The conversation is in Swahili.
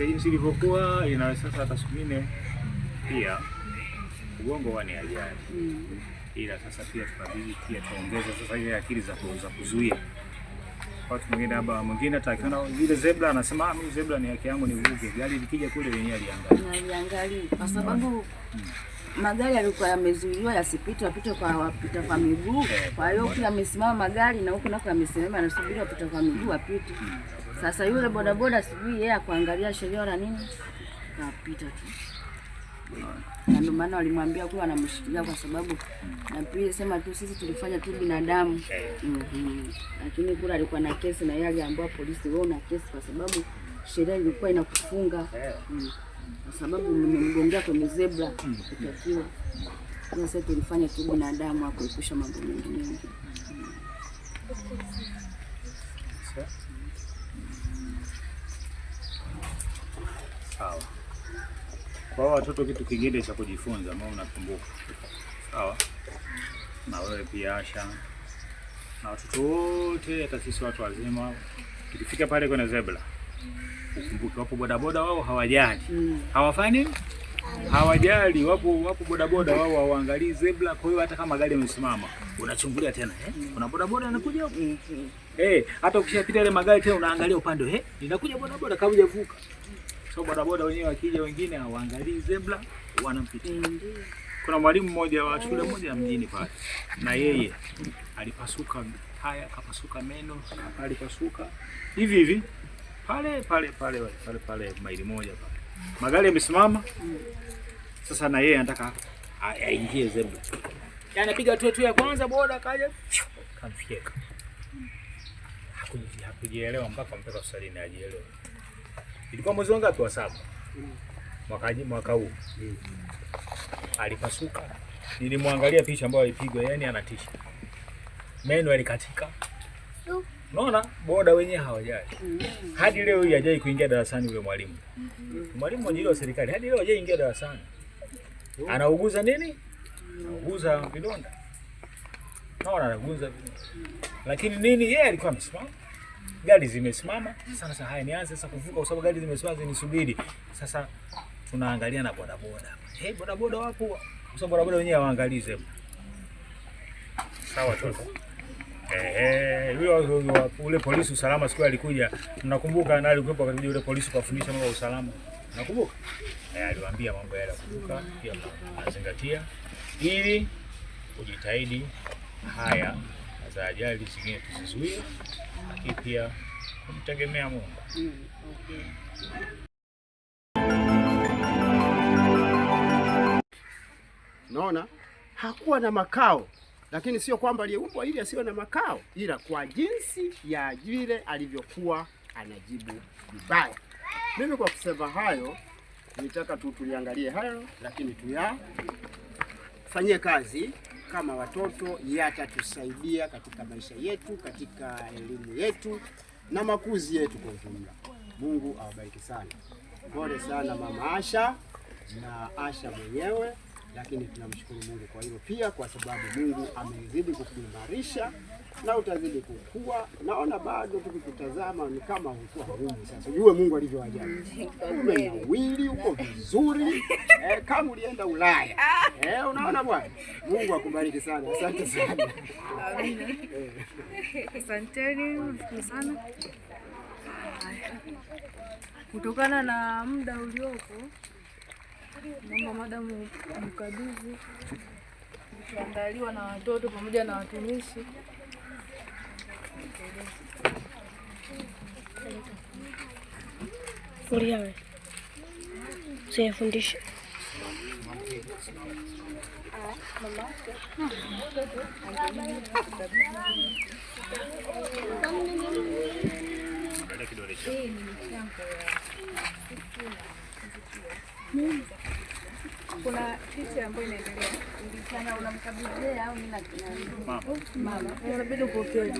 sasa jinsi ilivyokuwa inaweza hata siku pia ugongo wani ni ajali mm. Ila sasa pia tunabidi pia tuongeze sasa ile akili za kuweza kuzuia watu mwingine, labda mwingine atakiona ile zebra anasema ah, mimi zebra ni yake yangu nivuke, gari likija kule wenyewe aliangalia aliangalia kwa sababu Magari yalikuwa yamezuiliwa yasipite, wapite kwa wapita kwa miguu. Eh. Kwa hiyo huku yamesimama magari na huku nako yamesimama, anasubiri wapita kwa miguu wapite. Hmm. Sasa yule bodaboda sijui yeye akuangalia sheria wala nini, kapita tu, na ndio maana walimwambia kuwa anamshikilia kwa sababu na pia sema tu sisi tulifanya tu binadamu mm -hmm. Lakini kule alikuwa na kesi na yeye aliambiwa polisi, wewe una kesi kwa sababu sheria ilikuwa inakufunga mm. Kwa sababu mmemgongea kwenye zebra kutakiwa sasa tulifanya tu binadamu akuepusha mambo mengine. Mm. sawa. Kwa hao watoto kitu kingine cha kujifunza, ambao unakumbuka, sawa na wewe pia Asha na watoto wote, hata sisi watu wazima, tukifika pale kwenye zebra ukumbuke, wapo bodaboda wao hawajali, mm. hawafani hawajali wapo, wapo bodaboda wao hawaangalii zebra. Kwa hiyo hata kama gari imesimama unachungulia tena eh, mm. kuna bodaboda anakuja huko mm, eh, hata ukishapita ile magari tena unaangalia upande eh, linakuja bodaboda kabla hujavuka so bodaboda wenyewe wakija, wengine hawaangalii zebra, wanampitia. Mm, Kuna mwalimu mmoja wa shule moja mjini pale, na yeye alipasuka haya, akapasuka meno, alipasuka hivi hivi pale pale pale pale pale maili moja pale, magari yamesimama. Sasa na yeye anataka aingie zebra, yaani anapiga tu tu ya kwanza, boda kaja kamfyeka, hakujielewa mpaka mpaka hospitalini ajielewe. Ilikuwa mwezi wangapi? Wa saba mm. mwaka jana, mwaka huu mm. Alipasuka, nilimwangalia picha ambayo alipigwa, yani anatisha, meno yalikatika. Unaona, boda wenyewe hawajali mm. hadi leo hii, hajai kuingia darasani yule mwalimu mwalimu mwajiri wa serikali, hadi leo hajai ingia darasani. Anauguza nini? Anauguza vidonda, naona anauguza vidonda, mm. lakini nini, yeye alikuwa amesimama gari zimesimama sasa. Haya, nianze sasa kuvuka, kwa sababu gari zimesimama zinisubiri. Sasa tunaangalia na bodaboda. Hey, bodaboda wapo, kwa sababu bodaboda wenyewe waangalize. Sawa tu. Eh, huyo ule polisi usalama siku alikuja, nakumbuka na alikuwepo wakati ule polisi kufundisha mambo ya usalama. Nakumbuka? Eh, aliwaambia mambo yale kumbuka, pia mazingatia ili kujitahidi haya za ajali zingine tuzizuie, lakini pia kumtegemea Mungu. Naona hakuwa na makao, lakini sio kwamba aliyeumbwa ili asiwe na makao, ila kwa jinsi ya vile alivyokuwa anajibu vibaya. Mimi kwa kusema hayo, nitaka tu tuliangalie hayo, lakini tuyafanyie kazi kama watoto yatatusaidia katika maisha yetu, katika elimu yetu na makuzi yetu kwa ujumla. Mungu awabariki sana. Pole sana Mama Asha na Asha mwenyewe lakini tunamshukuru Mungu kwa hilo pia, kwa sababu Mungu amezidi kukuimarisha na utazidi kukua. Naona bado tukikutazama ni kama ulikuwa humu. Sasa ujue Mungu alivyoajabu, umenawili, uko vizuri eh, kama ulienda Ulaya eh, unaona bwana. Mungu akubariki sana, asante sana. Asanteni sana kutokana na muda uliopo Naomba madamu mkabidhi kiandaliwa na watoto pamoja na watumishi. Uliawe siyafundisha kuna picha ambayo inaendelea sana, unamkabidhia au mimi na mama, unabidi upokee